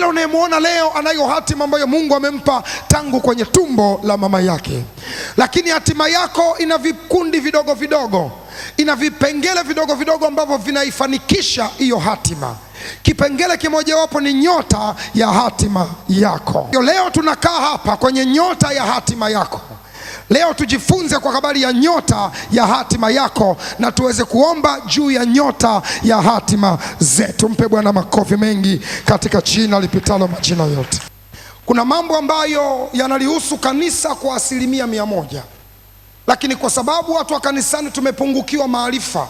Kila unayemwona leo anayo hatima ambayo Mungu amempa tangu kwenye tumbo la mama yake, lakini hatima yako ina vikundi vidogo vidogo, ina vipengele vidogo vidogo ambavyo vinaifanikisha hiyo hatima. Kipengele kimojawapo ni nyota ya hatima yako. Leo tunakaa hapa kwenye nyota ya hatima yako. Leo tujifunze kwa habari ya nyota ya hatima yako na tuweze kuomba juu ya nyota ya hatima zetu. Mpe Bwana makofi mengi katika jina lipitalo majina yote. Kuna mambo ambayo yanalihusu kanisa kwa asilimia mia moja, lakini kwa sababu watu wa kanisani tumepungukiwa maarifa,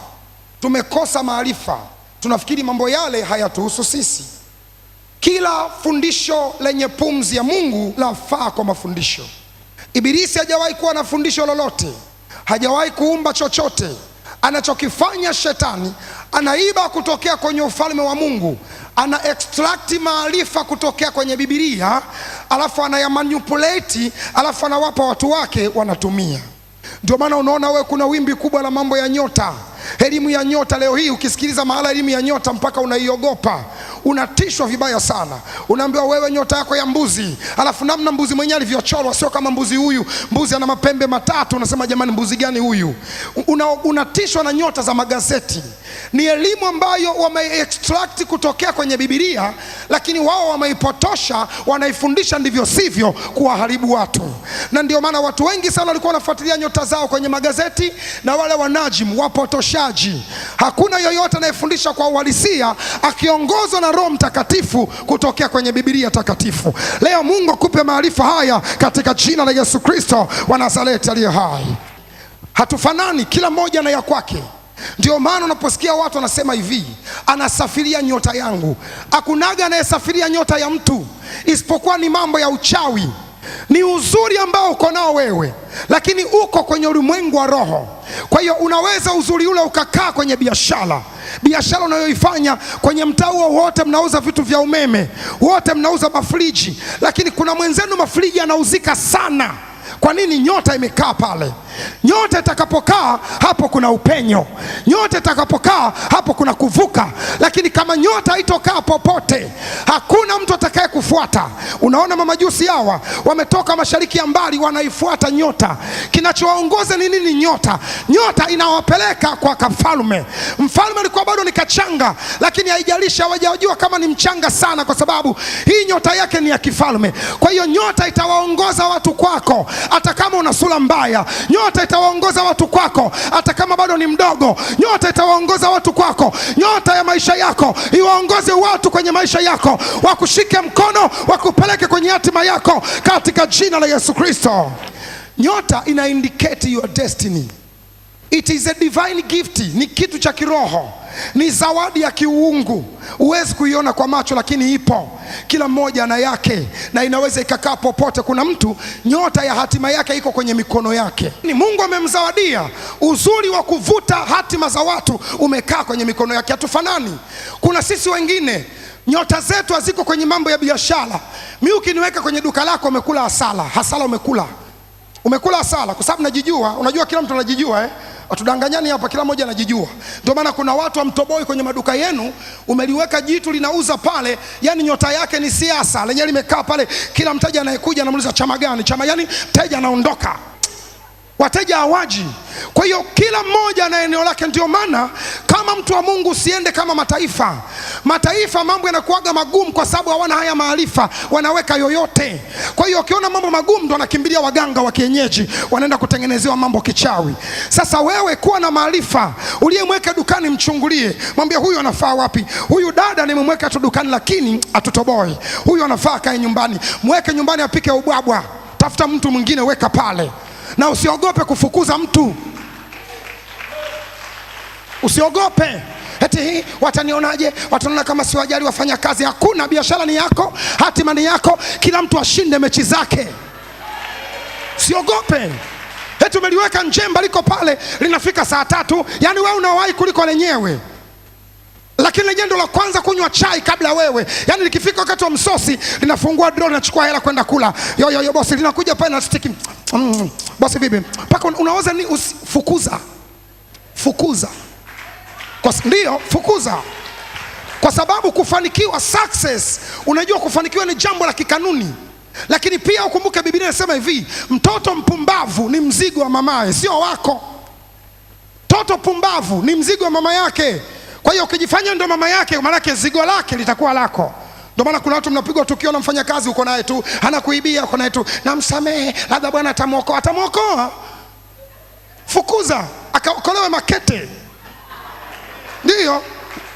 tumekosa maarifa, tunafikiri mambo yale hayatuhusu sisi. Kila fundisho lenye pumzi ya Mungu lafaa kwa mafundisho Ibilisi hajawahi kuwa na fundisho lolote, hajawahi kuumba chochote. Anachokifanya shetani, anaiba kutokea kwenye ufalme wa Mungu, ana extract maarifa kutokea kwenye Biblia, alafu manipulate, alafu anawapa watu wake wanatumia. Ndio maana unaona we kuna wimbi kubwa la mambo ya nyota, elimu ya nyota. Leo hii ukisikiliza mahala elimu ya nyota mpaka unaiogopa unatishwa vibaya sana. Unaambiwa wewe, nyota yako ya mbuzi, alafu namna mbuzi mwenyewe alivyochorwa, sio kama mbuzi huyu. Mbuzi ana mapembe matatu, unasema jamani, mbuzi gani huyu? Unatishwa una na nyota za magazeti. Ni elimu ambayo wameextract kutokea kwenye Biblia, lakini wao wameipotosha, wanaifundisha ndivyo sivyo, kuwaharibu watu, na ndio maana watu wengi sana walikuwa wanafuatilia nyota zao kwenye magazeti na wale wanajimu wapotoshaji. Hakuna yoyote anayefundisha kwa uhalisia akiongozwa na Roho Mtakatifu kutokea kwenye Biblia takatifu. Leo Mungu akupe maarifa haya katika jina la Yesu Kristo wa Nazareti aliye hai. Hatufanani, kila mmoja na ya kwake. Ndio maana unaposikia watu wanasema hivi, anasafiria nyota yangu. Hakunaga anayesafiria nyota ya mtu, isipokuwa ni mambo ya uchawi. Ni uzuri ambao uko nao wewe, lakini uko kwenye ulimwengu wa roho. Kwa hiyo unaweza uzuri ule ukakaa kwenye biashara biashara unayoifanya kwenye mtaa huo, wote mnauza vitu vya umeme, wote mnauza mafriji, lakini kuna mwenzenu mafriji anauzika sana. Kwa nini? Nyota imekaa pale. Nyota itakapokaa hapo kuna upenyo, nyota itakapokaa hapo kuna kuvuka, lakini kama nyota haitokaa popote, hakuna mtu wanaifuata. Unaona, mamajusi hawa wametoka mashariki ya mbali, wanaifuata nyota. Kinachowaongoza ni nini? Nyota. Nyota inawapeleka kwa kafalme. Mfalme alikuwa bado ni kachanga, lakini haijalishi, hawajajua kama ni mchanga sana, kwa sababu hii nyota yake ni ya kifalme. Kwa hiyo nyota itawaongoza watu kwako hata una sura mbaya. Nyota itawaongoza watu kwako, hata kama bado ni mdogo. Nyota itawaongoza watu kwako, nyota ya maisha yako iwaongoze watu kwenye maisha yako, wakushike mkono, wakupeleke kwenye hatima yako, katika jina la Yesu Kristo. Nyota ina indicate your destiny. It is a divine gift, ni kitu cha kiroho, ni zawadi ya kiuungu. Huwezi kuiona kwa macho, lakini ipo. Kila mmoja ana yake, na inaweza ikakaa popote. Kuna mtu nyota ya hatima yake iko kwenye mikono yake. Ni Mungu amemzawadia uzuri wa kuvuta hatima za watu, umekaa kwenye mikono yake. Hatufanani. Kuna sisi wengine nyota zetu haziko kwenye mambo ya biashara. Mimi ukiniweka kwenye duka lako, umekula hasara. Hasara umekula, umekula hasara, kwa sababu najijua. Unajua kila mtu anajijua eh? Watudanganyani hapa, kila mmoja anajijua. Ndio maana kuna watu amtoboi kwenye maduka yenu, umeliweka jitu linauza pale, yani nyota yake ni siasa, lenyewe limekaa pale, kila mteja anayekuja anamuuliza chama gani, chama gani, mteja anaondoka, wateja hawaji. Kwa hiyo kila mmoja na eneo lake. Ndio maana kama mtu wa Mungu usiende kama mataifa Mataifa mambo yanakuaga magumu kwa sababu hawana haya maarifa, wanaweka yoyote. Kwa hiyo ukiona mambo magumu ndo wanakimbilia waganga wa kienyeji, wanaenda kutengenezewa mambo kichawi. Sasa wewe kuwa na maarifa, uliyemweka dukani mchungulie, mwambie huyu anafaa wapi? Huyu dada nimemweka tu dukani, lakini atutoboi. Huyu anafaa kae nyumbani, mweke nyumbani apike ubwabwa, tafuta mtu mwingine weka pale, na usiogope kufukuza mtu, usiogope eti hii watanionaje? Wataniona kama siwajali wafanya kazi. Hakuna, biashara ni yako, hatima ni yako, kila mtu ashinde mechi zake, siogope eti umeliweka njemba liko pale linafika saa tatu, yaani wewe unawahi kuliko lenyewe lakini lenyewe ndo la kwanza kunywa chai kabla wewe. Yani likifika wakati wa msosi linafungua draw, linachukua hela kwenda kula. Yo, yo, yo bosi, linakuja pale na stiki mm, bosi vipi Paka unaoza ni usifukuza Fukuza, fukuza kwa ndio fukuza, kwa sababu kufanikiwa success, unajua kufanikiwa ni jambo la kikanuni, lakini pia ukumbuke Biblia inasema hivi, mtoto mpumbavu ni mzigo wa mamaye, sio wako. Mtoto pumbavu ni mzigo wa mama yake. Kwa hiyo ukijifanya ndo mama yake, maanake zigo lake litakuwa lako. Ndio maana kuna watu mnapigwa tukio na mfanya kazi, uko naye tu anakuibia, uko naye tu namsamehe, labda Bwana atamwokoa. Atamwokoa? Fukuza, akaokolewe Makete ndiyo,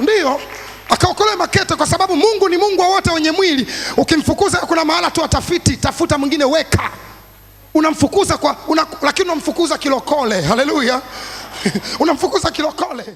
ndiyo akaokolewa Makete kwa sababu Mungu ni Mungu wa wote wenye mwili. Ukimfukuza kuna mahala tu atafiti, tafuta mwingine, weka unamfukuza kwa una, lakini unamfukuza kilokole. Haleluya! unamfukuza kilokole.